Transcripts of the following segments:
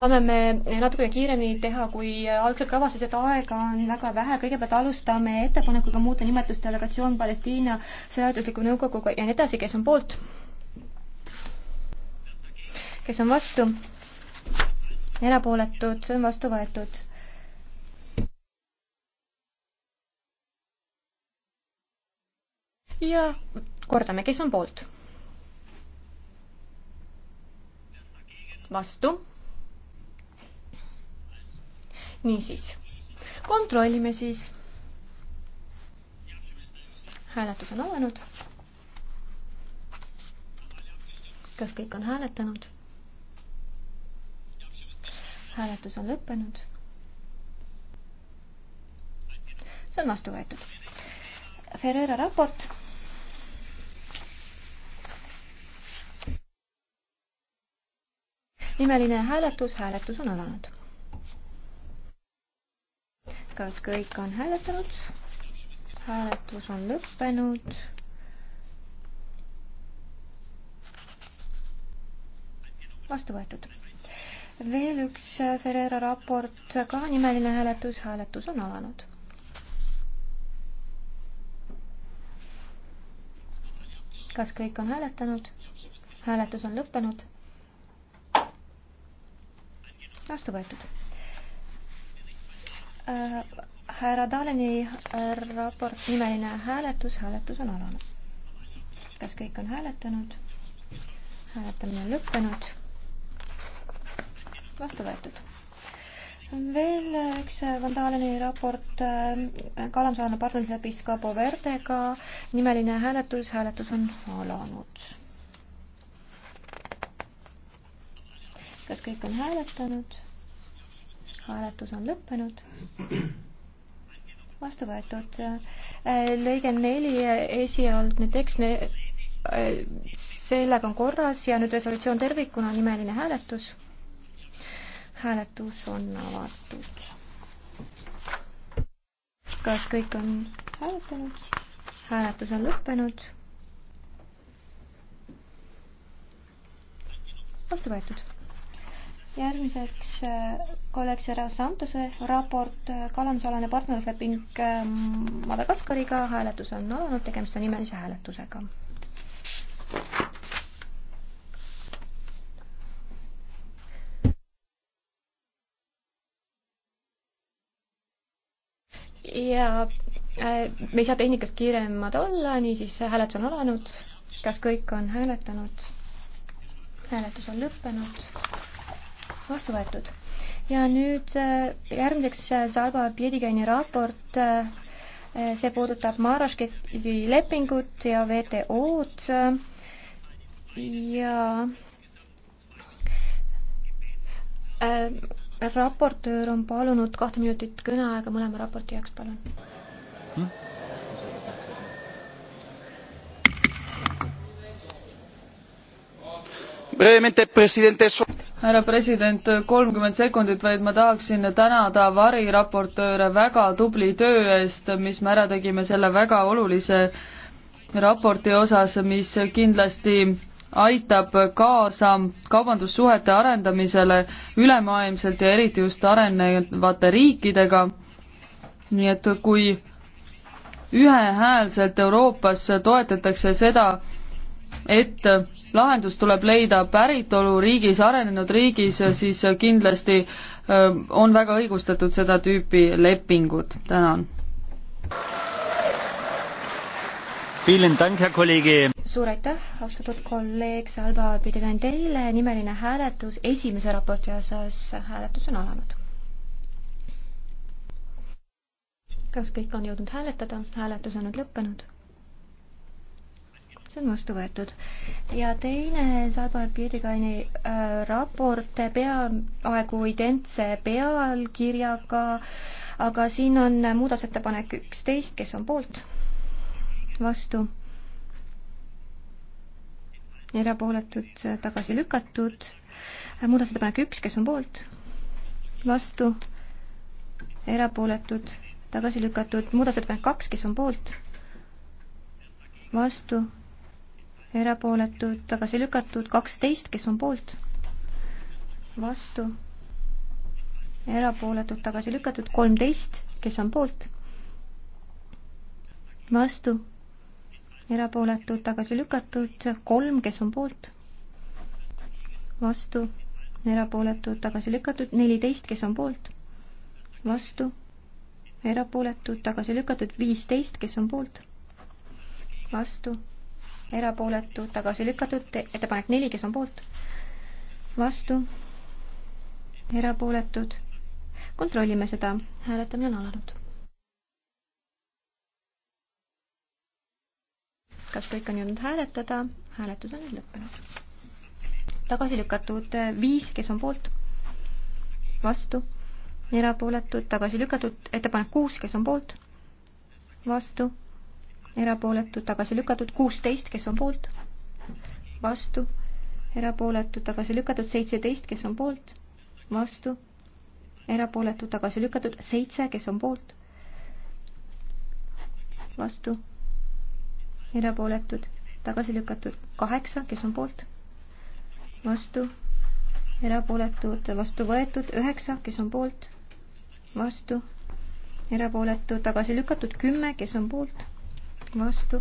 saame me natukene kiiremini teha, kui algselt kavas, sest aega on väga vähe. kõigepealt alustame ettepanekuga muuta nimetust delegatsioon Palestiina sõjandusliku nõukoguga ja nii edasi, kes on poolt? kes on vastu? erapooletud, see on vastu võetud. ja kordame, kes on poolt? vastu niisiis, kontrollime siis. hääletus on alanud. kas kõik on hääletanud? hääletus on lõppenud. see on vastu võetud. Ferreira raport nimeline hääletus, hääletus on alanud kas kõik on hääletanud? hääletus on lõppenud. vastu võetud. veel üks Ferreira raport, ka nimeline hääletus, hääletus on alanud. kas kõik on hääletanud? hääletus on lõppenud. vastu võetud Äh, härra Daleni äh, raport nimeline hääletus, hääletus on alanud. kas kõik on hääletanud? hääletamine on lõppenud. vastu võetud. veel üks Van Daleni raport äh, kalandusalaline partnerluslepi Scabo Verdega, nimeline hääletus, hääletus on alanud. kas kõik on hääletanud? hääletus on lõppenud. vastu võetud. Äh, lõige neli, äh, esialgne tekst, äh, sellega on korras ja nüüd resolutsioon tervikuna, nimeline hääletus. hääletus on avatud. kas kõik on hääletanud? hääletus on lõppenud. vastu võetud järgmiseks äh, kolleeg Sera Santuse raport äh, kalandusalane partnerlusleping äh, Madagaskariga, hääletus on alanud, tegemist on nimelise hääletusega. ja me ei saa tehnikast kiiremad olla, niisiis hääletus on alanud. kas kõik on hääletanud? hääletus on lõppenud vastu võetud. ja nüüd äh, järgmiseks äh, Salva äh, Piedikäini raport, see puudutab Maarašketi lepingut ja WTO-d ja raportöör on palunud kahte minutit kõneaega mõlema raporti jaoks, palun hm?. härra president, kolmkümmend sekundit, vaid ma tahaksin tänada variraportööre väga tubli töö eest, mis me ära tegime selle väga olulise raporti osas, mis kindlasti aitab kaasa kaubandussuhete arendamisele ülemaailmselt ja eriti just arenevate riikidega. nii et kui ühehäälselt Euroopas toetatakse seda, et lahendus tuleb leida päritoluriigis, arenenud riigis, siis kindlasti äh, on väga õigustatud seda tüüpi lepingud, tänan. suur aitäh, austatud kolleeg Salba Pidegan, teile nimeline hääletus esimese raporti osas, hääletus on alanud. kas kõik on jõudnud hääletada, hääletus on nüüd lõppenud see on vastu võetud. ja teine Saadma Piedikaini äh, raport peaaegu identse pealkirjaga, aga siin on muudatusettepanek üksteist, kes on poolt, vastu erapooletud tagasi lükatud. muudatusettepanek üks, kes on poolt, vastu, erapooletud, tagasi lükatud. muudatusettepanek kaks, kes on poolt, vastu, erapooletud, tagasi lükatud, kaksteist, kes on poolt, vastu, erapooletud, tagasi lükatud, kolmteist, kes on poolt, vastu, erapooletud, tagasi lükatud, kolm, kes on poolt, vastu, erapooletud, tagasi lükatud, neliteist, kes on poolt, vastu, erapooletud, tagasi lükatud, viisteist, kes on poolt, vastu erapooletu, tagasi lükatud, ettepanek neli, kes on poolt, vastu, erapooletud. kontrollime seda, hääletamine on alanud. kas kõik on jõudnud hääletada? hääletus on nüüd lõppenud. tagasi lükatud viis, kes on poolt, vastu, erapooletud, tagasi lükatud, ettepanek kuus, kes on poolt, vastu erapooletud, tagasi lükatud, kuusteist, kes on poolt, vastu, erapooletud, tagasi lükatud, seitseteist, kes on poolt, vastu, erapooletud, tagasi lükatud, seitse, kes on poolt, vastu, erapooletud, tagasi lükatud, kaheksa, kes on poolt, vastu, erapooletud, vastu võetud, üheksa, kes on poolt, vastu, erapooletud, tagasi lükatud, kümme, kes on poolt vastu,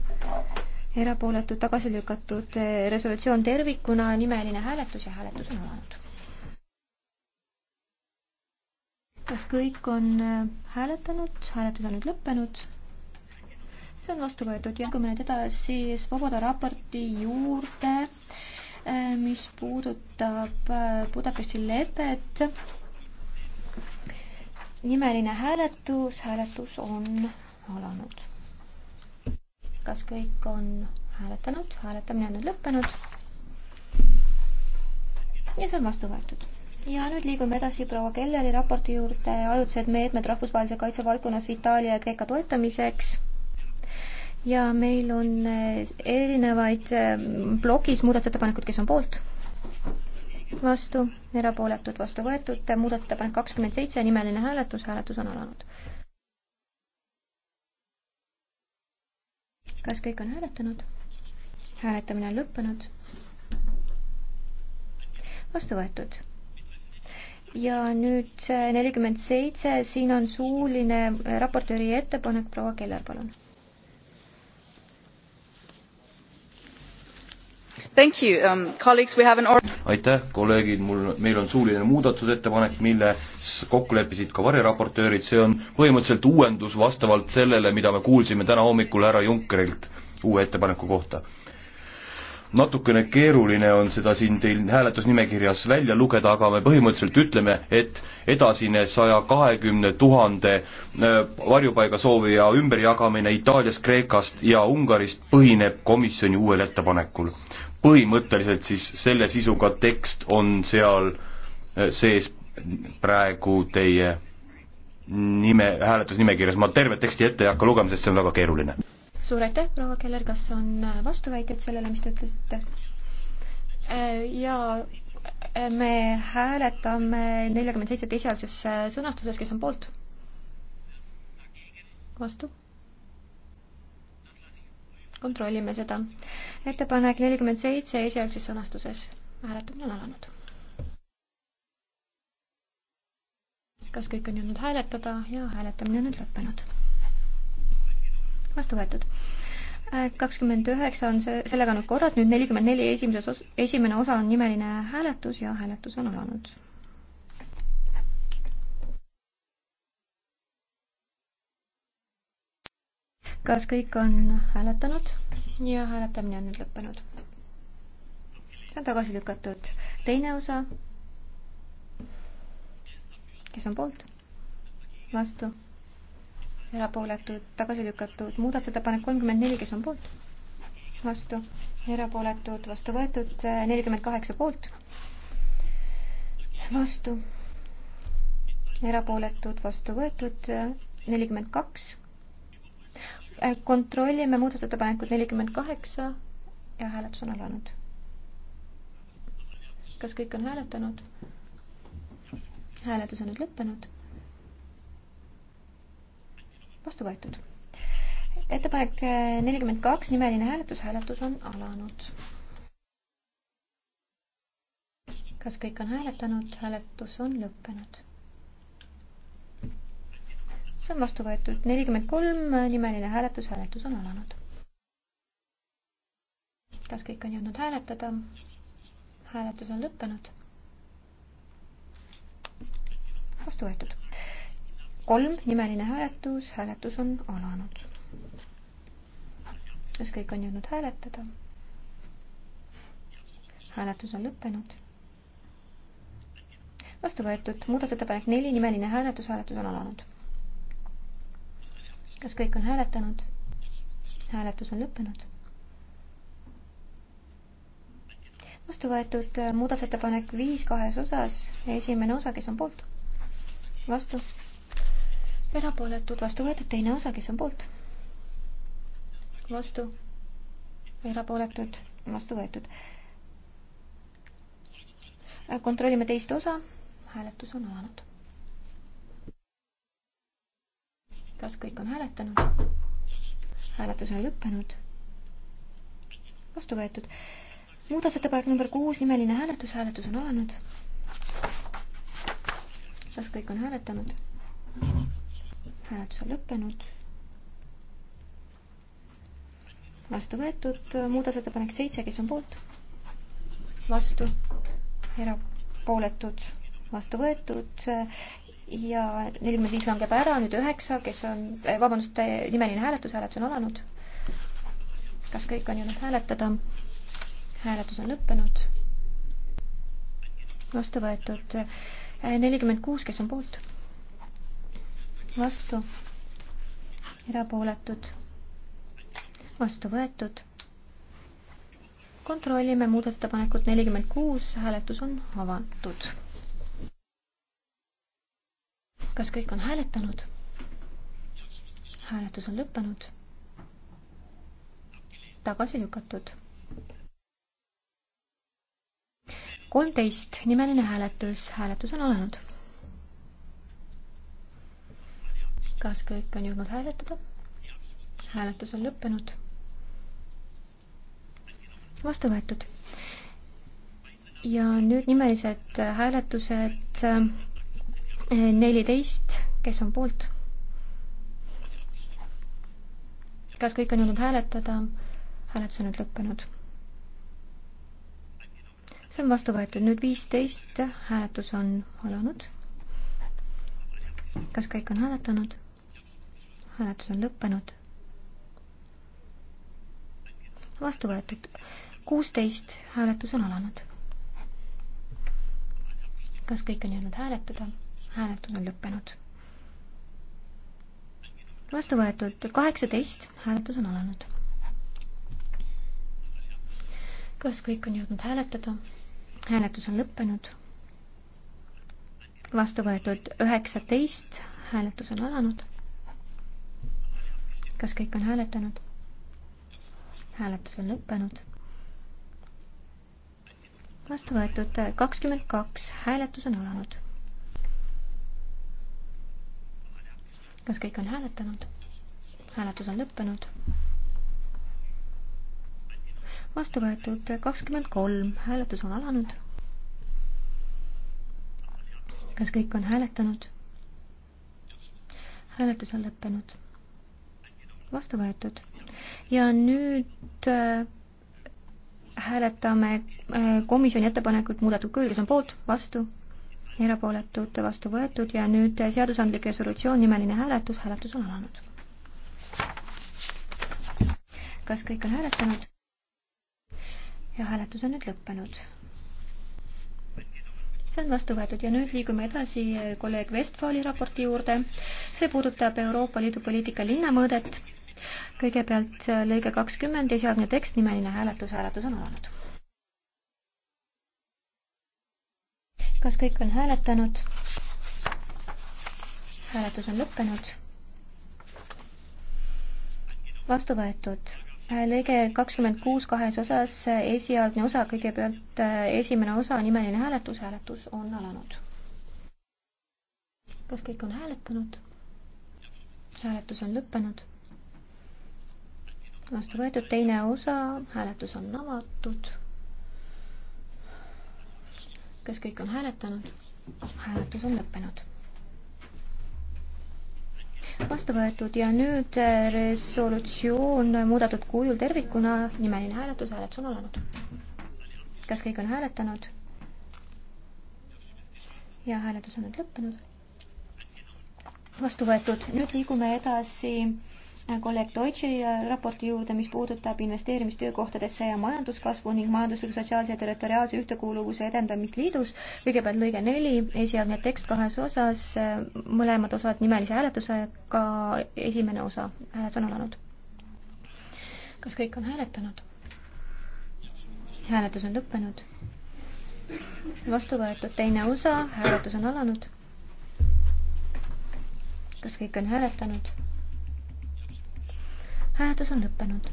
erapooletud, tagasi lükatud resolutsioon tervikuna, nimeline hääletus ja hääletus on alanud. kas kõik on äh, hääletanud, hääletus on nüüd lõppenud? see on vastu võetud ja kui me nüüd edasi Svoboda raporti juurde, äh, mis puudutab äh, Budapesti lepet, nimeline hääletus, hääletus on alanud kas kõik on hääletanud, hääletamine on nüüd lõppenud. ja see on vastu võetud. ja nüüd liigume edasi proua Kelleri raporti juurde, ajutised meetmed rahvusvahelise kaitse valdkonnas Itaalia ja Kreeka toetamiseks. ja meil on eh, erinevaid plokis eh, muudatusettepanekud, kes on poolt, vastu, erapooletud, vastu võetud, muudatusettepanek kakskümmend seitse, nimeline hääletus, hääletus on alanud kas kõik on hääletanud? hääletamine on lõppenud. vastu võetud ja nüüd nelikümmend seitse, siin on suuline raportööri ettepanek, proua Keller, palun Um, an... aitäh, kolleegid, mul, meil on suuline muudatusettepanek, milles kokku leppisid ka variraportöörid, see on põhimõtteliselt uuendus vastavalt sellele, mida me kuulsime täna hommikul härra Junckerilt uue ettepaneku kohta. natukene keeruline on seda siin teil hääletusnimekirjas välja lugeda, aga me põhimõtteliselt ütleme, et edasine saja kahekümne tuhande äh, varjupaiga soovija ümberjagamine Itaaliast, Kreekast ja Ungarist põhineb komisjoni uuel ettepanekul põhimõtteliselt siis selle sisuga tekst on seal äh, sees praegu teie nime, hääletusnimekirjas, ma tervet teksti ette ei hakka lugema, sest see on väga keeruline. suur aitäh, proua Keller, kas on äh, vastuväited sellele, mis te ütlesite? Äh, jaa, me hääletame neljakümmend seitset esialgses sõnastuses, kes on poolt? vastu kontrollime seda. ettepanek nelikümmend seitse esialgses sõnastuses. hääletamine on alanud. kas kõik on jõudnud hääletada ja hääletamine on nüüd lõppenud? vastu võetud. kakskümmend üheksa on see, sellega on nüüd korras, nüüd nelikümmend neli esimeses os-, esimene osa on nimeline hääletus ja hääletus on alanud kas kõik on hääletanud? ja hääletamine on nüüd lõppenud. see on tagasi lükatud. teine osa. kes on poolt? vastu? erapooletud, tagasi lükatud. muudatusettepanek kolmkümmend neli, kes on poolt? vastu? erapooletud, vastu võetud. nelikümmend kaheksa poolt? vastu? erapooletud, vastu võetud. nelikümmend kaks Äh, kontrollime muudatusettepanekut nelikümmend kaheksa ja hääletus on alanud. kas kõik on hääletanud? hääletus on nüüd lõppenud. vastu võetud. ettepanek äh, nelikümmend kaks, nimeline hääletus, hääletus on alanud. kas kõik on hääletanud? hääletus on lõppenud see on vastu võetud. nelikümmend kolm äh, nimeline hääletus, hääletus on alanud. kas kõik on jõudnud hääletada? hääletus on lõppenud. vastu võetud. kolm nimeline hääletus, hääletus on alanud. kas kõik on jõudnud hääletada? hääletus on lõppenud vastu võetud muudatusettepanek neli nimeline hääletus, hääletus on alanud kas kõik on hääletanud? hääletus on lõppenud. vastu võetud äh, muudatusettepanek viis kahes osas, esimene osa, kes on poolt? vastu. erapooletud, vastu võetud, teine osa, kes on poolt? vastu. erapooletud, vastu võetud. Äh, kontrollime teist osa, hääletus on alanud kas kõik on hääletanud? hääletus on lõppenud. vastu võetud. muudatusettepanek number kuus, nimeline hääletus, hääletus on alanud. kas kõik on hääletanud? hääletus on lõppenud. vastu võetud, muudatusettepanek seitse, kes on poolt? vastu, erapooletud, vastu võetud ja nelikümmend viis langeb ära, nüüd üheksa, kes on, eh, vabandust, nimeline hääletus, hääletus on alanud. kas kõik on jõudnud hääletada? hääletus on lõppenud. vastu võetud eh, nelikümmend kuus, kes on poolt? vastu, erapooletud, vastu võetud. kontrollime muudatusettepanekut nelikümmend kuus, hääletus on avatud kas kõik on hääletanud? hääletus on lõppenud. tagasi lükatud. kolmteist nimeline hääletus, hääletus on alanud. kas kõik on jõudnud hääletada? hääletus on lõppenud. vastu võetud. ja nüüd nimelised hääletused neliteist, kes on poolt? kas kõik on jõudnud hääletada? hääletus on nüüd lõppenud. see on vastu võetud, nüüd viisteist, hääletus on alanud. kas kõik on hääletanud? hääletus on lõppenud. vastu võetud, kuusteist, hääletus on alanud. kas kõik on jõudnud hääletada? hääletus on lõppenud. vastu võetud kaheksateist, hääletus on alanud. kas kõik on jõudnud hääletada? hääletus on lõppenud. vastu võetud üheksateist, hääletus on alanud. kas kõik on hääletanud? hääletus on lõppenud. vastu võetud kakskümmend kaks, hääletus on alanud kas kõik on hääletanud? hääletus on lõppenud. vastu võetud kakskümmend kolm, hääletus on alanud. kas kõik on hääletanud? hääletus on lõppenud. vastu võetud. ja nüüd äh, hääletame äh, komisjoni ettepanekut muudetud kujul, kes on poolt, vastu erapooletud vastu võetud ja nüüd seadusandlik resolutsioon, nimeline hääletus, hääletus on alanud. kas kõik on hääletanud? ja hääletus on nüüd lõppenud. see on vastu võetud ja nüüd liigume edasi kolleeg Westfali raporti juurde. see puudutab Euroopa Liidu poliitika linnamõõdet. kõigepealt lõige kakskümmend, esialgne tekst, nimeline hääletus, hääletus on alanud kas kõik on hääletanud? hääletus on lõppenud. vastu võetud. lõige kakskümmend kuus kahes osas, esialgne osa, kõigepealt äh, esimene osa, nimeline hääletus, hääletus on alanud. kas kõik on hääletanud? hääletus on lõppenud. vastu võetud teine osa, hääletus on avatud kas kõik on hääletanud? hääletus on lõppenud. vastu võetud ja nüüd äh, resolutsioon muudetud kujul tervikuna, nimeline hääletus, hääletus on alanud. kas kõik on hääletanud? ja hääletus on nüüd lõppenud. vastu võetud, nüüd liigume edasi kolleeg Deutsche raporti juurde, mis puudutab investeerimistöökohtadesse ja majanduskasvu ning majandusliku, sotsiaalse ja territoriaalse ühtekuuluvuse edendamist liidus. kõigepealt lõige neli, esialgne tekst kahes osas, mõlemad osad nimelise hääletusega, esimene osa, hääled on alanud. kas kõik on hääletanud? hääletus on lõppenud. vastu võetud teine osa, hääletus on alanud. kas kõik on hääletanud? hääletus on lõppenud.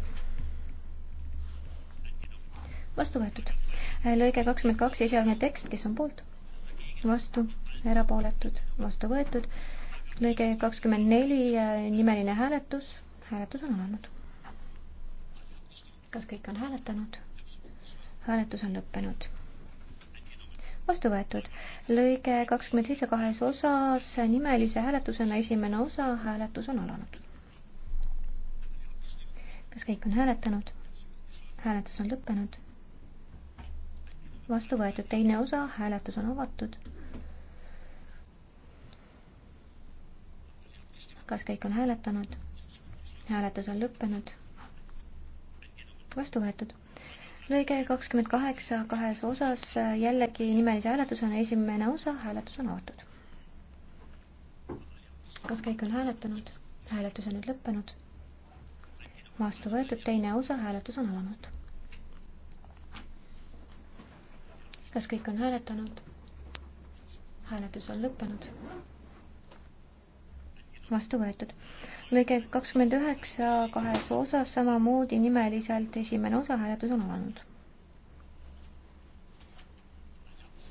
vastu võetud. lõige kakskümmend kaks, esialgne tekst, kes on poolt? vastu, erapooletud, vastu võetud. lõige kakskümmend neli, nimeline hääletus, hääletus on alanud. kas kõik on hääletanud? hääletus on lõppenud vastu võetud. lõige kakskümmend seitse kahes osas nimelise hääletusena esimene osa, hääletus on alanud kas kõik on hääletanud? hääletus on lõppenud. vastu võetud teine osa, hääletus on avatud. kas kõik on hääletanud? hääletus on lõppenud. vastu võetud lõige kakskümmend kaheksa kahes osas jällegi nimelise hääletusena esimene osa, hääletus on avatud. kas kõik on hääletanud? hääletus on nüüd lõppenud vastu võetud, teine osa, hääletus on alanud. kas kõik on hääletanud? hääletus on lõppenud. vastu võetud. lõige kakskümmend üheksa kahes osas samamoodi nimeliselt esimene osa, hääletus on alanud.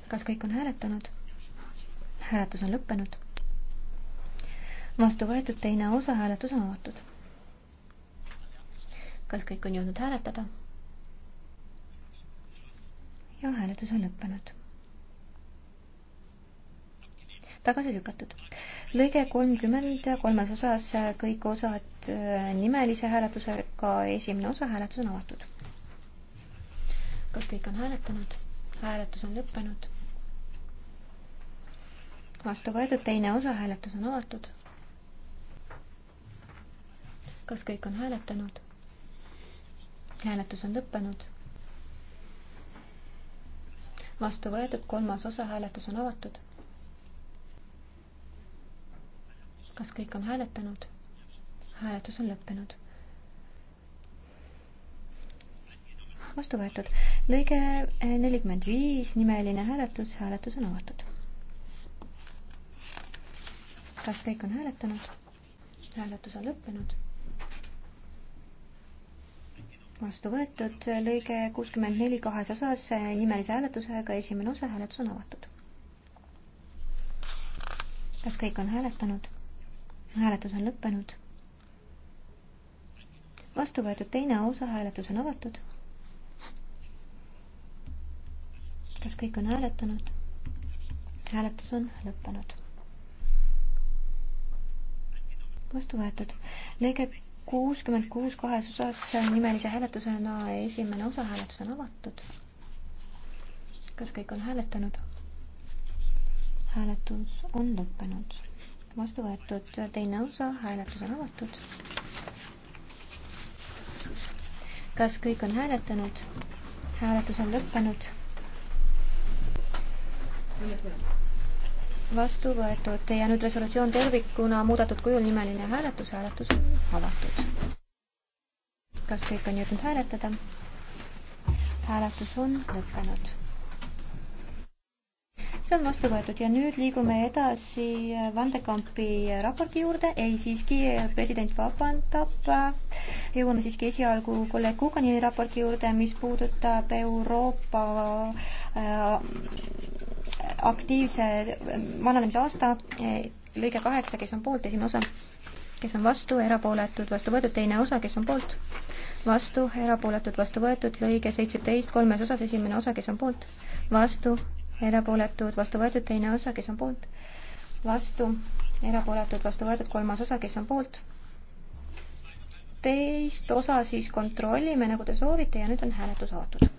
kas kõik on hääletanud? hääletus on lõppenud. vastu võetud teine osa, hääletus on avatud kas kõik on jõudnud hääletada? ja hääletus on lõppenud. tagasi lükatud. lõige kolmkümmend kolmes osas äh, kõik osad äh, nimelise hääletusega, esimene osa hääletus on avatud. kas kõik on hääletanud? hääletus on lõppenud. vastu võetud teine osa, hääletus on avatud. kas kõik on hääletanud? hääletus on lõppenud. vastu võetud, kolmas osa, hääletus on avatud. kas kõik on hääletanud? hääletus on lõppenud. vastu võetud. lõige eh, nelikümmend viis, nimeline hääletus, hääletus on avatud. kas kõik on hääletanud? hääletus on lõppenud vastu võetud, lõige kuuskümmend neli kahes osas nimelise hääletusega, esimene osa, hääletus on avatud. kas kõik on hääletanud? hääletus on lõppenud. vastu võetud teine osa, hääletus on avatud. kas kõik on hääletanud? hääletus on lõppenud. vastu võetud. lõige kuuskümmend kuus kahes osas nimelise hääletusena esimene osa hääletus on avatud. kas kõik on hääletanud? hääletus on lõppenud. vastu võetud teine osa, hääletus on avatud. kas kõik on hääletanud? hääletus on lõppenud vastu võetud ja nüüd resolutsioon tervikuna muudetud kujul nimeline hääletus, hääletus on avatud. kas kõik on jõudnud hääletada? hääletus on lõppenud. see on vastu võetud ja nüüd liigume edasi Vandekampi raporti juurde, ei siiski, president vabandab. jõuame siiski esialgu kolleeg Kukani raporti juurde, mis puudutab Euroopa äh, aktiivse ähm, vananemise aasta, eh, lõige kaheksa, kes on poolt, esimene osa, kes on vastu, erapooletud, vastu võetud, teine osa, kes on poolt, vastu, erapooletud, vastu võetud, lõige seitseteist, kolmes osas, esimene osa, kes on poolt, vastu, erapooletud, vastu võetud, teine osa, kes on poolt, vastu, erapooletud, vastu võetud, kolmas osa, kes on poolt, teist osa siis kontrollime, nagu te soovite ja nüüd on hääletus avatud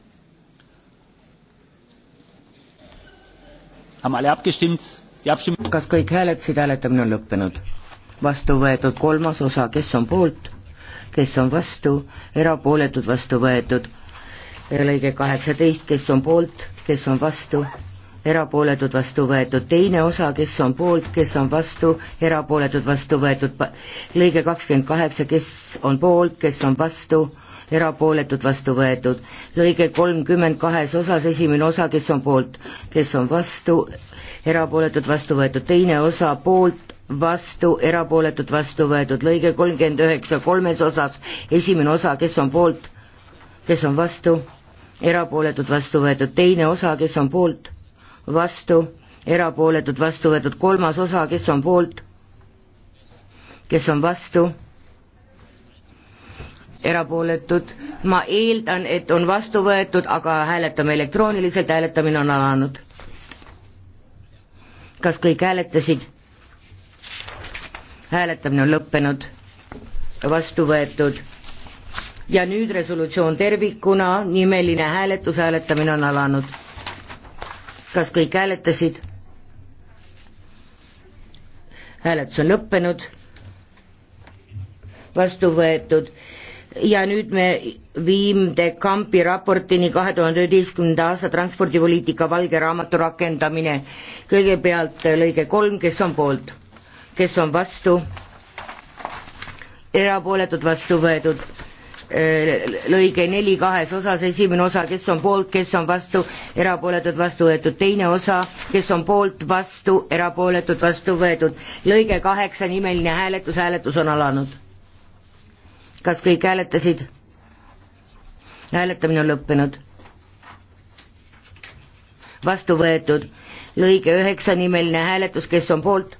kas kõik hääletasid, hääletamine on lõppenud. vastu võetud kolmas osa, kes on poolt, kes on vastu, erapooletud vastu võetud. lõige kaheksateist, kes on poolt, kes on vastu, erapooletud vastu võetud, teine osa, kes on poolt, kes on vastu, erapooletud vastu võetud, lõige kakskümmend kaheksa, kes on poolt, kes on vastu, erapooletud, vastu võetud. lõige kolmkümmend kahes osas, esimene osa, kes on poolt, kes on vastu, erapooletud, vastu võetud, teine osa poolt, vastu, erapooletud, vastu võetud, lõige kolmkümmend üheksa kolmes osas, esimene osa, kes on poolt, kes on vastu, erapooletud, vastu võetud, teine osa, kes on poolt, vastu, erapooletud, vastu võetud, kolmas osa, kes on poolt, kes on vastu erapooletud. ma eeldan, et on vastu võetud, aga hääletame elektrooniliselt, hääletamine on alanud. kas kõik hääletasid? hääletamine on lõppenud, vastu võetud. ja nüüd resolutsioon tervikuna, nimeline hääletus, hääletamine on alanud. kas kõik hääletasid? hääletus on lõppenud, vastu võetud ja nüüd me viimde Kampi raportini kahe tuhande üheteistkümnenda aasta transpordipoliitika valge raamatu rakendamine. kõigepealt lõige kolm, kes on poolt, kes on vastu, erapooletud vastu võetud, äh, lõige neli kahes osas, esimene osa, kes on poolt, kes on vastu, erapooletud vastu võetud, teine osa, kes on poolt, vastu, erapooletud vastu võetud, lõige kaheksa, nimeline hääletus, hääletus on alanud kas kõik hääletasid? hääletamine on lõppenud. vastu võetud lõige üheksa nimeline hääletus, kes on poolt?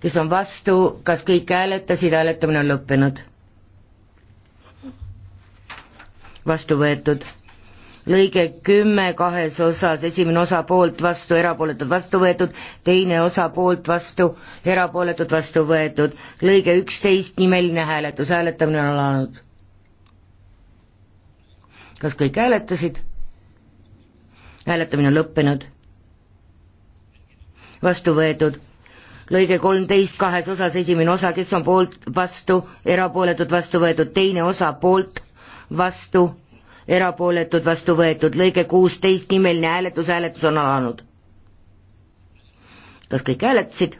kes on vastu, kas kõik hääletasid, hääletamine on lõppenud. vastu võetud lõige kümme kahes osas, esimene osa poolt vastu, erapooletud vastu võetud, teine osa poolt vastu, erapooletud vastu võetud, lõige üksteist, nimeline hääletus, hääletamine on alanud. kas kõik hääletasid? hääletamine on lõppenud. vastu võetud lõige kolmteist kahes osas, esimene osa, kes on poolt, vastu, erapooletud, vastu võetud, teine osa poolt, vastu, erapooletud, vastu võetud, lõige kuusteist, nimeline hääletus, hääletus on alanud. kas kõik hääletasid?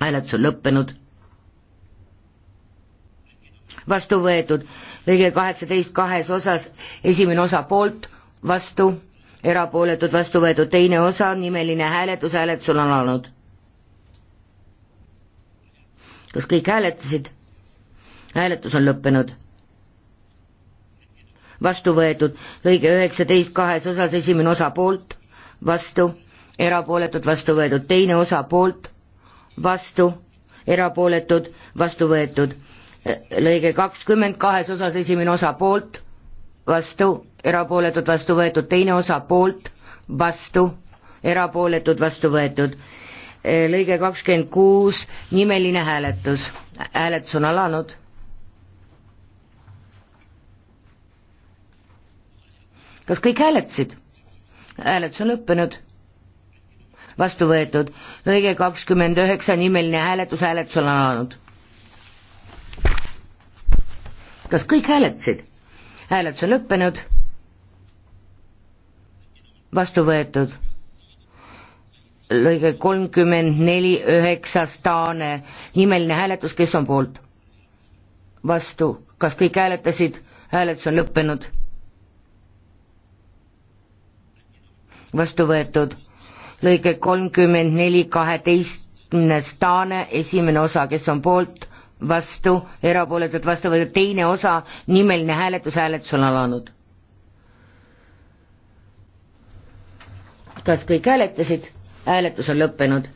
hääletus on lõppenud. vastu võetud, lõige kaheksateist kahes osas, esimene osa poolt, vastu, erapooletud, vastu võetud, teine osa, nimeline hääletus, hääletus on alanud. kas kõik hääletasid? hääletus on lõppenud vastu võetud, lõige üheksateist kahes osas, esimene osa poolt, vastu, erapooletud, vastu võetud, teine osa poolt, vastu, erapooletud, vastu võetud, lõige kakskümmend kahes osas, esimene osa poolt, vastu, erapooletud, vastu võetud, teine osa poolt, vastu, erapooletud, vastu võetud, lõige kakskümmend kuus, nimeline hääletus, hääletus on alanud kas kõik hääletasid? hääletus on lõppenud. vastu võetud, lõige kakskümmend üheksa nimeline hääletus, hääletus on alanud. kas kõik hääletasid? hääletus on lõppenud. vastu võetud, lõige kolmkümmend neli üheksas Taane nimeline hääletus, kes on poolt? vastu, kas kõik hääletasid? hääletus on lõppenud vastu võetud. lõige kolmkümmend neli kaheteistkümnes Taane, esimene osa, kes on poolt, vastu, erapooletud, vastu võetud, teine osa, nimeline hääletus, hääletus on alanud. kas kõik hääletasid? hääletus on lõppenud.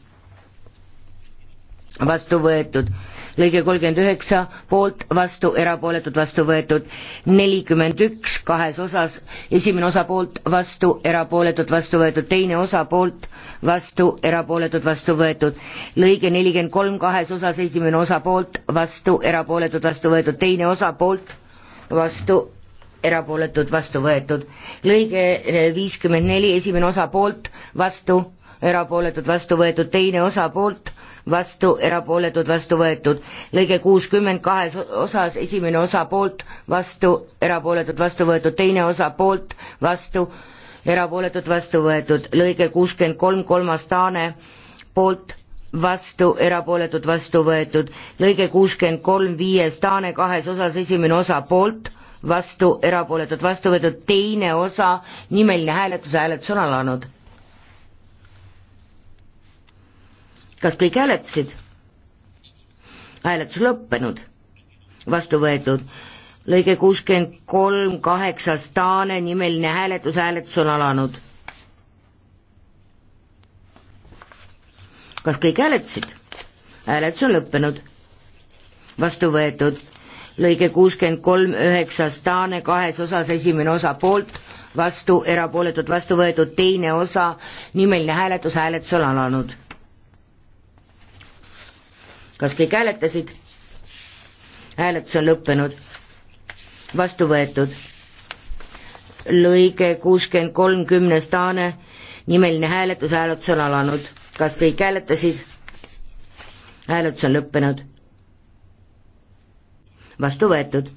vastu võetud lõige kolmkümmend üheksa, poolt, vastu, erapooletud, vastu võetud. nelikümmend üks kahes osas, esimene osa poolt, vastu, erapooletud, vastu võetud, teine osa poolt, vastu, erapooletud, vastu võetud. lõige nelikümmend kolm kahes osas, esimene osa poolt, vastu, erapooletud, vastu võetud, teine osa poolt, vastu, erapooletud, vastu võetud. lõige viiskümmend neli, esimene osa poolt, vastu erapooletud, vastu võetud, teine osa poolt, vastu, erapooletud, vastu võetud. lõige kuuskümmend kahes osas, esimene osa poolt, vastu, erapooletud, vastu võetud, teine osa poolt, vastu, erapooletud, vastu võetud. lõige kuuskümmend kolm, kolmas taane, poolt, vastu, erapooletud, vastu võetud. lõige kuuskümmend kolm, viies taane kahes osas, esimene osa poolt, vastu, erapooletud, vastu võetud, teine osa, nimeline hääletus, hääletus on alanud kas kõik hääletasid? hääletus lõppenud, vastu võetud, lõige kuuskümmend kolm, kaheksas Taane nimeline hääletus, hääletus on alanud. kas kõik hääletasid? hääletus on lõppenud, vastu võetud, lõige kuuskümmend kolm, üheksas Taane kahes osas, esimene osa poolt, vastu, erapooletult vastu võetud, teine osa, nimeline hääletus, hääletus on alanud kas kõik hääletasid? hääletus on lõppenud. vastu võetud. lõige kuuskümmend kolm kümnes Taane, nimeline hääletus, hääletus on alanud. kas kõik hääletasid? hääletus on lõppenud. vastu võetud.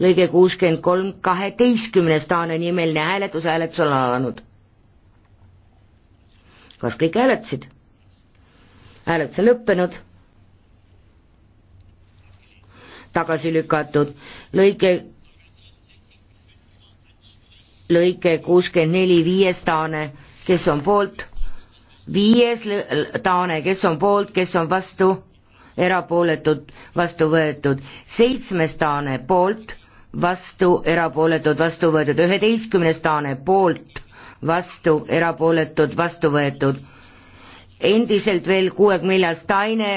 lõige kuuskümmend kolm kaheteistkümnes Taane, nimeline hääletus, hääletus on alanud. kas kõik hääletasid? hääletus on lõppenud tagasi lükatud. lõike, lõike kuuskümmend neli, viies taane, kes on poolt, viies taane, kes on poolt, kes on vastu, erapooletud, vastu võetud, seitsmes taane poolt, vastu, erapooletud, vastu võetud, üheteistkümnes taane poolt, vastu, erapooletud, vastu võetud endiselt veel kuuekümne neljas Taine,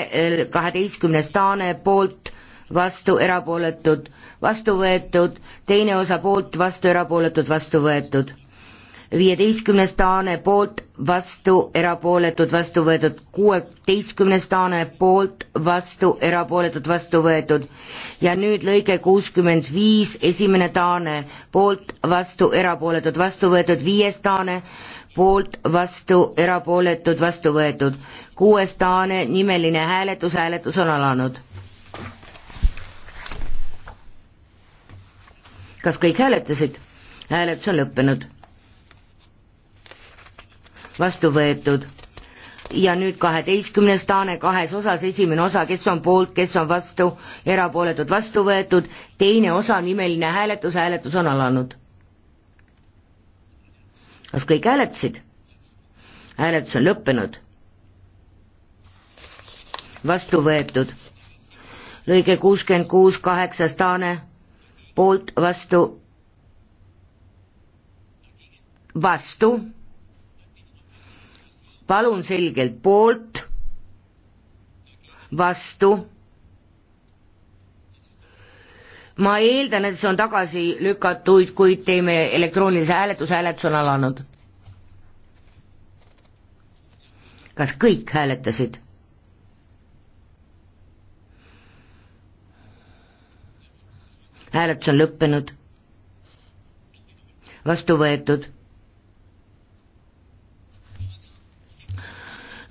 kaheteistkümnes Taane poolt, vastu erapooletud, vastu võetud, teine osa poolt, vastu erapooletud, vastu võetud. viieteistkümnes Taane poolt, vastu erapooletud, vastu võetud, kuueteistkümnes Taane poolt, vastu erapooletud, vastu võetud. ja nüüd lõige kuuskümmend viis, esimene Taane poolt, vastu erapooletud, vastu võetud, viies Taane poolt, vastu erapooletud, vastu võetud. kuues Taane nimeline hääletus, hääletus on alanud kas kõik hääletasid? hääletus on lõppenud. vastu võetud. ja nüüd kaheteistkümnes Taane kahes osas, esimene osa, kes on poolt, kes on vastu, erapooletud vastu võetud, teine osa nimeline hääletus, hääletus on alanud. kas kõik hääletasid? hääletus on lõppenud. vastu võetud. lõige kuuskümmend kuus, kaheksas Taane poolt, vastu, vastu. palun selgelt poolt, vastu. ma eeldan, et see on tagasi lükatud, kuid teeme elektroonilise hääletuse, hääletus on alanud. kas kõik hääletasid? hääletus on lõppenud, vastu võetud.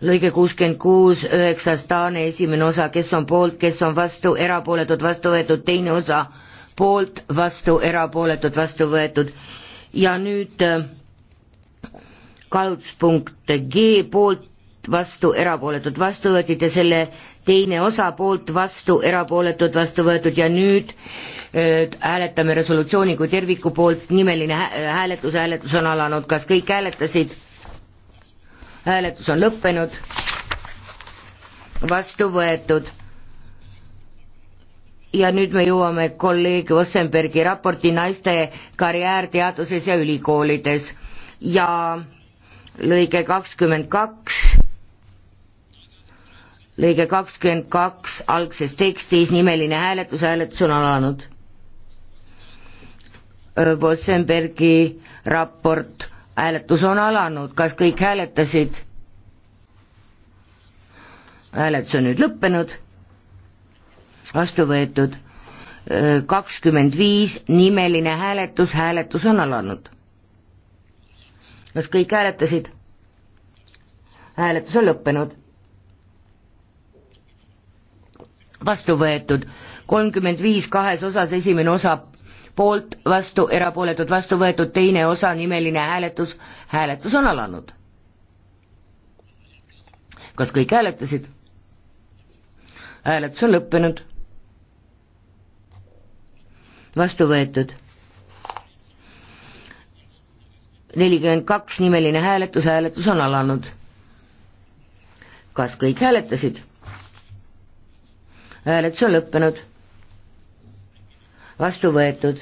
lõige kuuskümmend kuus, üheksas Taane esimene osa, kes on poolt, kes on vastu, erapooletud, vastu võetud, teine osa poolt, vastu, erapooletud, vastu võetud ja nüüd äh, kaalutluspunkt G poolt vastu, erapooletud vastu võetud ja selle teine osa poolt vastu, erapooletud vastu võetud ja nüüd äh, hääletame resolutsiooni kui terviku poolt, nimeline äh, hääletus, hääletus on alanud, kas kõik hääletasid? hääletus on lõppenud, vastu võetud. ja nüüd me jõuame kolleeg Ossenbergi raporti naiste karjäär teaduses ja ülikoolides ja lõige kakskümmend kaks lõige kakskümmend kaks algses tekstis, nimeline hääletus, hääletus on alanud. Vossenbergi raport, hääletus on alanud, kas kõik hääletasid? hääletus on nüüd lõppenud, vastu võetud kakskümmend viis, nimeline hääletus, hääletus on alanud. kas kõik hääletasid? hääletus on lõppenud vastu võetud. kolmkümmend viis kahes osas, esimene osa poolt, vastu, erapooletud, vastu võetud, teine osa, nimeline hääletus, hääletus on alanud. kas kõik hääletasid? hääletus on lõppenud. vastu võetud. nelikümmend kaks nimeline hääletus, hääletus on alanud. kas kõik hääletasid? hääletus on lõppenud. vastu võetud.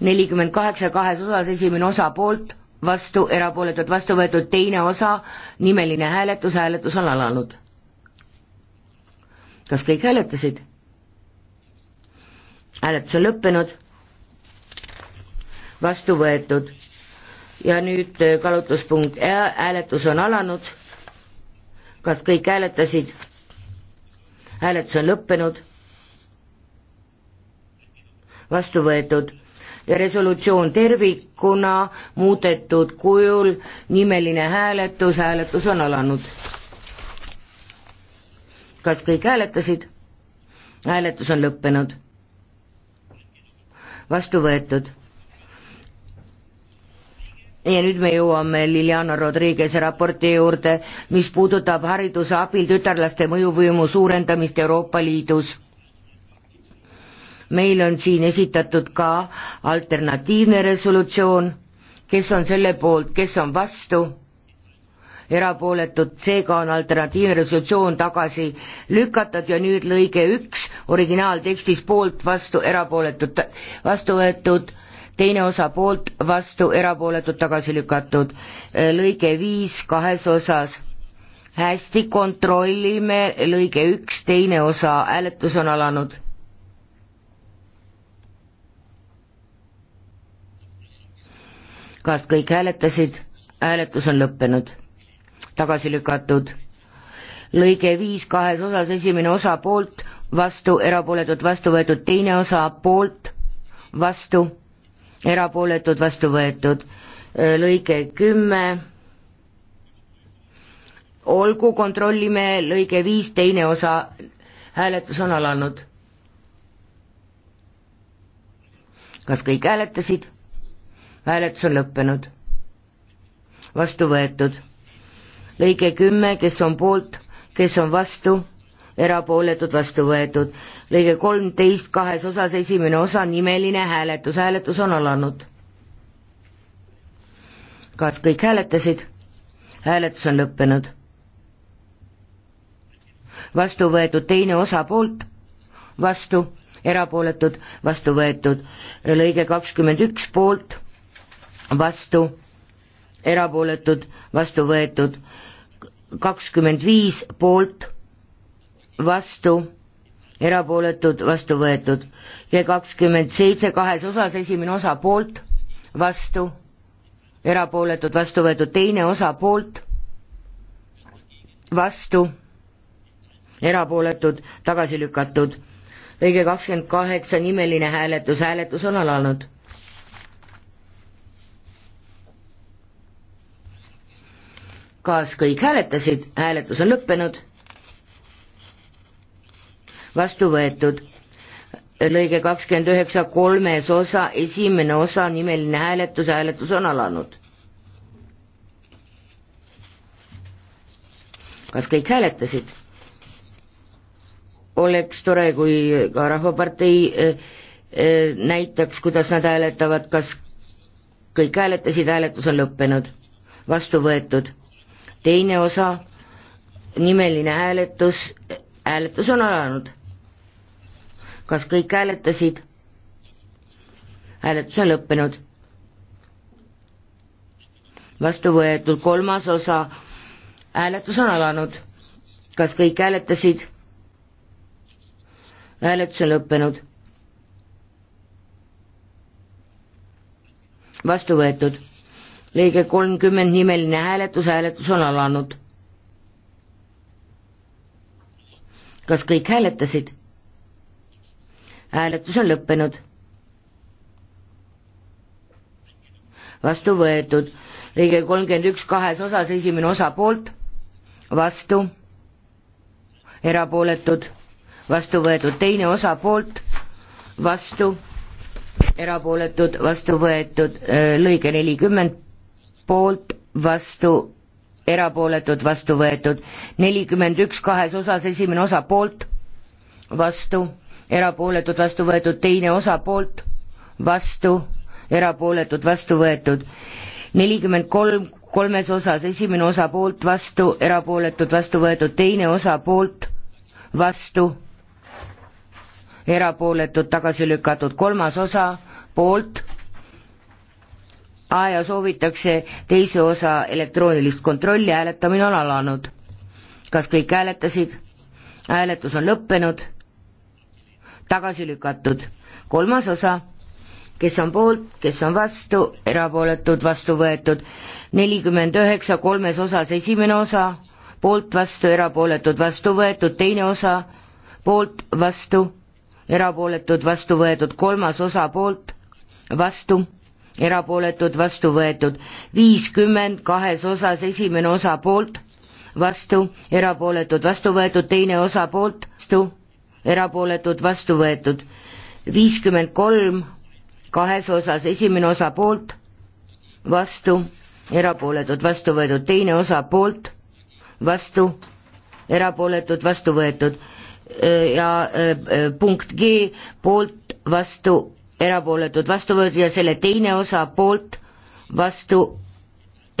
nelikümmend kaheksa kahes osas, esimene osa poolt, vastu, erapooletud, vastu võetud, teine osa, nimeline hääletus, hääletus on alanud. kas kõik hääletasid? hääletus on lõppenud, vastu võetud ja nüüd eh, kallutuspunkt e, hääletus on alanud. kas kõik hääletasid? hääletus on lõppenud, vastu võetud ja resolutsioon tervikuna muudetud kujul, nimeline hääletus, hääletus on alanud. kas kõik hääletasid? hääletus on lõppenud. vastu võetud ja nüüd me jõuame Liliana Rodriguez'e raporti juurde, mis puudutab hariduse abil tütarlaste mõjuvõimu suurendamist Euroopa Liidus. meil on siin esitatud ka alternatiivne resolutsioon, kes on selle poolt, kes on vastu, erapooletud, seega on alternatiivne resolutsioon tagasi lükatud ja nüüd lõige üks originaaltekstis poolt vastu erapooletud, vastu võetud teine osa poolt, vastu, erapooletud, tagasi lükatud. lõige viis kahes osas. hästi, kontrollime lõige üks, teine osa, hääletus on alanud. kas kõik hääletasid? hääletus on lõppenud. tagasi lükatud. lõige viis kahes osas, esimene osa poolt, vastu, erapooletud, vastu võetud, teine osa poolt, vastu erapooletud, vastu võetud. Äh, lõige kümme, olgu, kontrollime lõige viis, teine osa, hääletus on alanud. kas kõik hääletasid? hääletus on lõppenud. vastu võetud. lõige kümme, kes on poolt, kes on vastu erapooletud, vastu võetud. lõige kolmteist kahes osas, esimene osa, nimeline hääletus, hääletus on alanud. kas kõik hääletasid? hääletus on lõppenud. vastu võetud teine osa poolt, vastu, erapooletud, vastu võetud. lõige kakskümmend üks poolt, vastu, erapooletud, vastu võetud kakskümmend viis poolt vastu, erapooletud, vastu võetud. ja kakskümmend seitse kahes osas, esimene osa poolt, vastu, erapooletud, vastu võetud, teine osa poolt, vastu, erapooletud, tagasi lükatud. lõige kakskümmend kaheksa, nimeline hääletus, hääletus on alanud. kas kõik hääletasid, hääletus on lõppenud vastu võetud. lõige kakskümmend üheksa, kolmes osa, esimene osa, nimeline hääletus, hääletus on alanud. kas kõik hääletasid? oleks tore, kui ka Rahvapartei eh, eh, näitaks, kuidas nad hääletavad, kas kõik hääletasid, hääletus on lõppenud, vastu võetud. teine osa, nimeline hääletus, hääletus on alanud kas kõik hääletasid? hääletus on lõppenud. vastu võetud kolmas osa, hääletus on alanud. kas kõik hääletasid? hääletus on lõppenud. vastu võetud. lõige kolmkümmend nimeline hääletus, hääletus on alanud. kas kõik hääletasid? hääletus on lõppenud. vastu võetud, lõige kolmkümmend üks kahes osas, esimene osa poolt, vastu, erapooletud, vastu võetud, teine osa poolt, vastu, erapooletud, vastu võetud, äh, lõige nelikümmend poolt, vastu, erapooletud, vastu võetud, nelikümmend üks kahes osas, esimene osa poolt, vastu erapooletud vastu võetud, teine osa poolt, vastu, erapooletud vastu võetud. nelikümmend kolm kolmes osas, esimene osa poolt, vastu, erapooletud vastu võetud, teine osa poolt, vastu, erapooletud tagasi lükatud, kolmas osa poolt, A ja soovitakse teise osa elektroonilist kontrolli, hääletamine on alanud. kas kõik hääletasid? hääletus on lõppenud tagasi lükatud. kolmas osa, kes on poolt, kes on vastu, erapooletud, vastu võetud, nelikümmend üheksa kolmes osas esimene osa, poolt, vastu, erapooletud, vastu võetud, teine osa, poolt, vastu, erapooletud, vastu võetud, kolmas osa poolt, vastu, erapooletud, vastu võetud, viiskümmend kahes osas esimene osa poolt, vastu, erapooletud, vastu võetud, teine osa poolt, vastu, erapooletud, vastu võetud. viiskümmend kolm kahes osas, esimene osa poolt, vastu, erapooletud, vastu võetud, teine osa poolt, vastu, erapooletud, vastu võetud ja äh, punkt G poolt, vastu, erapooletud, vastu võetud ja selle teine osa poolt, vastu,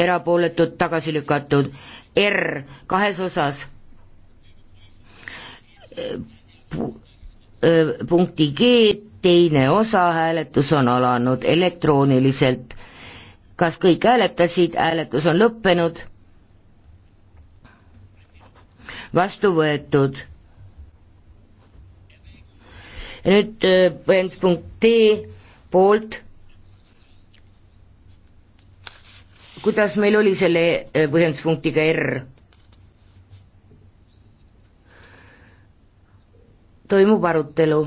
erapooletud, tagasi lükatud. R kahes osas punkti G teine osa, hääletus on alanud elektrooniliselt. kas kõik hääletasid, hääletus on lõppenud? vastu võetud. nüüd põhjenduspunkt D poolt. kuidas meil oli selle põhjenduspunktiga R? toimub arutelu.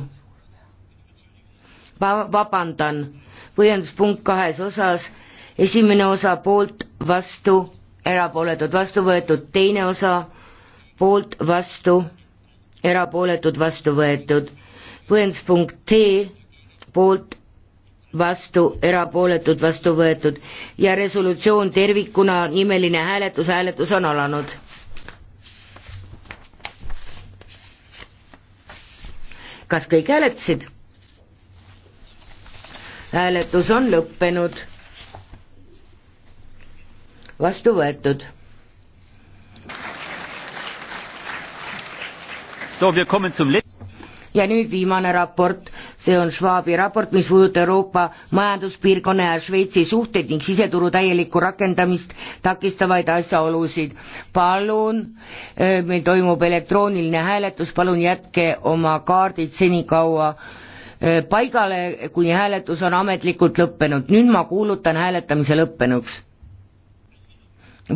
vabandan, põhjenduspunkt kahes osas, esimene osa poolt, vastu, erapooletud, vastu võetud, teine osa poolt, vastu, erapooletud, vastu võetud. põhjenduspunkt T poolt, vastu, erapooletud, vastu võetud ja resolutsioon tervikuna, nimeline hääletus, hääletus on alanud kas kõik hääletasid? hääletus on lõppenud. vastu võetud. So, wir kommen zum letzten ja nüüd viimane raport, see on Schwabi raport, mis puudutab Euroopa majanduspiirkonna ja Šveitsi suhteid ning siseturu täielikku rakendamist takistavaid asjaolusid. palun, eh, meil toimub elektrooniline hääletus, palun jätke oma kaardid senikaua eh, paigale, kuni hääletus on ametlikult lõppenud, nüüd ma kuulutan hääletamise lõppenuks.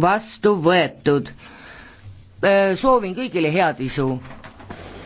vastu võetud. Eh, soovin kõigile head isu.